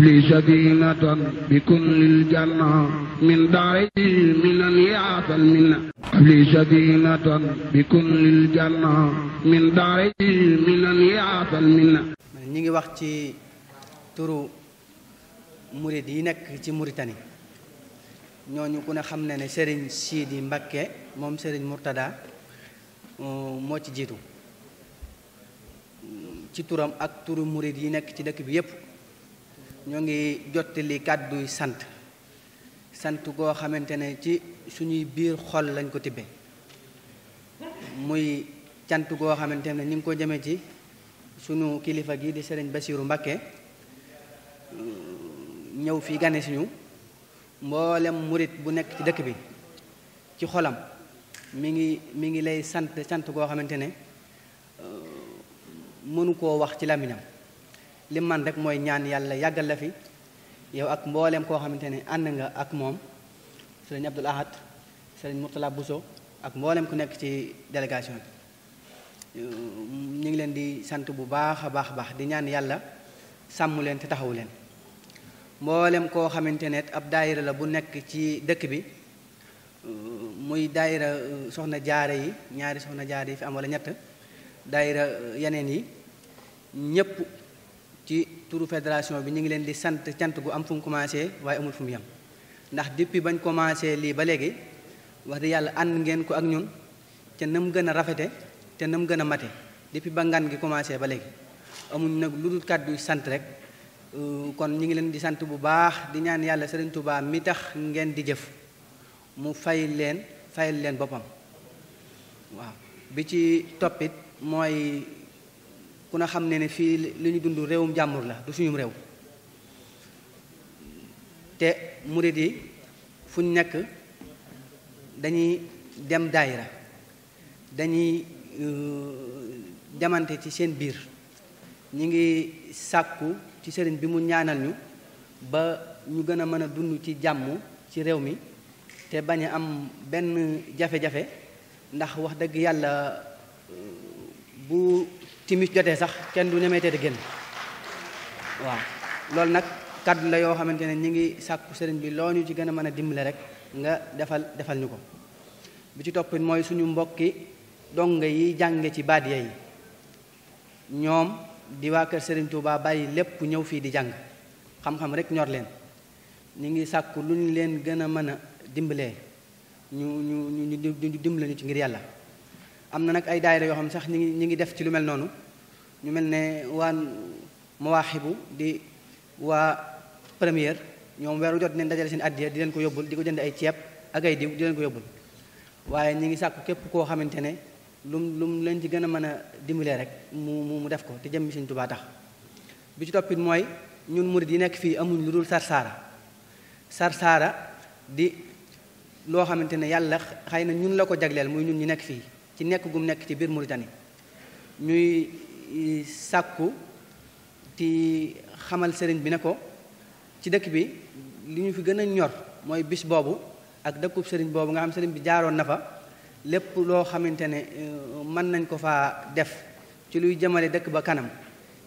li safinatan bi kullil li safinatan min daari minan yaasal minna ñi ngi wax ci turu murid yi nekk ci Mauritanie ñooñu ku ne xam ne ne Serigne Sidi Mbakke moom Serigne Mourtada euh, moo ci jiitu ci turam ak turu murid yi nekk ci dëkk bi yépp ñoo ngi jottali kàdduy sant sant goo xamante ne ci suñuy biir xol lañ ko tibbee muy sant goo xamante ne ñu ngi ko jëmee ci sunu kilifa gi di sëriñ Basiiru Mbakke ñëw fi gane si ñu mboolem murit bu nekk ci dëkk bi ci xolam mi ngi mi ngi lay sant sant goo xamante ne euh, mënu koo wax ci làmmiñam li man rek mooy ñaan yàlla yàggal la fi yow ak mbooleem koo xamante ne ànd nga ak moom sëriñ Abdul Ahad sëriñ Murtala ak mbooleem ku nekk ci délégation bi ñu ngi leen di sant bu baax a baax baax di ñaan yàlla sàmm leen te taxawu leen mboolem koo xamante ne ab daayira la bu nekk ci dëkk bi muy daayira soxna jaare yi ñaari soxna jaare yi fi am wala ñett dayra yeneen yi ñépp ci turu fédération bi ñu ngi leen di sant cant gu am fu mu commencé waaye amul fu mu ndax depuis bañ commencé lii ba léegi wax dëgg yàlla ànd ngeen ko ak ñun te na mu gën a rafete te na mu gën a mate depuis ba ngan gi commencé ba léegi amuñ nag lu dul kàddu sant rek euh, kon ñu ngi leen di sant bu baax di ñaan yàlla Serigne Touba mi tax ngeen di jëf mu fay leen fayal leen boppam waaw bi ci toppit mooy ku ne xam ne ne fii li ñu dund réewum jàmbur la du suñum réew te murid yi fu nekk dañuy dem daayira dañuy jamante euh, ci seen biir ñu ngi sàkku ci sëriñ bi mu ñaanal ñu ba ñu gën a mën a dund ci jàmm ci réew mi te bañ a am benn jafe-jafe ndax wax dëgg yàlla euh, bu timis jotee sax kenn du ñemee tee génn waaw loolu nag kàddu la yoo xamante ne ñu ngi sàkku sëriñ bi loo ñu ci gën a mën a dimbale rek nga defal defal ñu ci toppit mooy suñu mbokki donga yi jànge ci baadiya yi ñoom di waa kër sëriñ Touba bàyyi lépp ñëw fii di jàng xam-xam rek ñor leen ñu ngi sàkku lu ñu leen gën a mën a dimbalee ñu ñu ñu ñu dimbale ñu ci ngir yàlla am na nag ay daayira yoo xam sax ñi ngi ñi ngi def ci lu mel noonu ñu mel ne waa waan mawaaxibu di waa première ñoom weeru jot nañ dajale seen addiya di leen ko yóbbul di ko jënd ay ceeb ak ay diw di leen ko yóbbul waaye ñi ngi sàkk képp koo xamante ne lu lu mu leen ci gën a mën a dimbalee rek mu mu def ko te jëmmi siñ Tuubaa tax bi ci toppit mooy ñun murid yi nekk fii amuñ lu dul sarsaara sarsaara di loo xamante ne yàlla xëy na ñun la ko jagleel muy ñun ñi nekk fii ci nekk gum nekk ci biir Mauritanie ñuy e, sàkku ti xamal sëriñ bi ne ko ci dëkk bi li ñu fi gën a ñor mooy bis boobu ak dëkku sëriñ boobu nga xam sëriñ bi jaaroon na fa lépp loo xamante ne e, mën nañ ko faa def ci luy jëmale dëkk ba kanam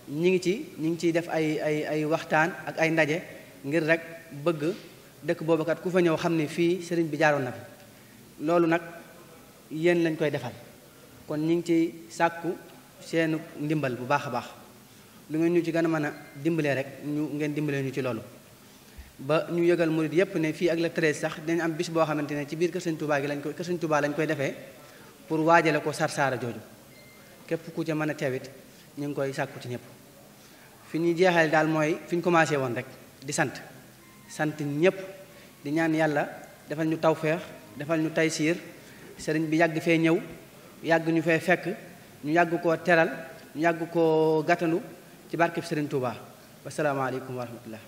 ñi ngi ci ñi ngi ciy def ay ay ay waxtaan ak ay ndaje ngir rek bëgg dëkk boobu kat ku fa ñëw xam ne fii sëriñ bi jaaroon na fi loolu nag yéen lañ koy defal kon ñu ngi ci sàkku seenu ndimbal bu baax a baax lu ngeen ñu ci gën a mën a dimbalee rek ñu ngeen dimbalee ñu ci loolu ba ñu yëgal murit yépp ne fii ak le treize sax dinañ am bis boo xamante ne ci biir kër Sëñ Tuubaa gi lañ koy kër Sëñ koy defee pour waajale ko sarsaara jooju képp ku ci mën a teewit ñu ngi koy sàkku ci ñëpp fi ñuy jeexale daal mooy fi ñu commencé woon rek di sant sant ñëpp di ñaan yàlla defal ñu tawféex defal ñu taysiir sëriñ bi yàgg fee ñëw yàgg ñu fee fekk ñu yàgg ko teral ñu yàgg ko gàttandu ci barkeb sëriñ Touba wasalaamaaleykum wa rahmatullah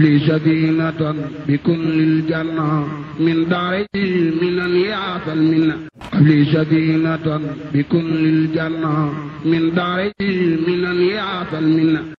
li sadinatan bi kullil janna min daari li sadinatan bi min daari minan yaatal minna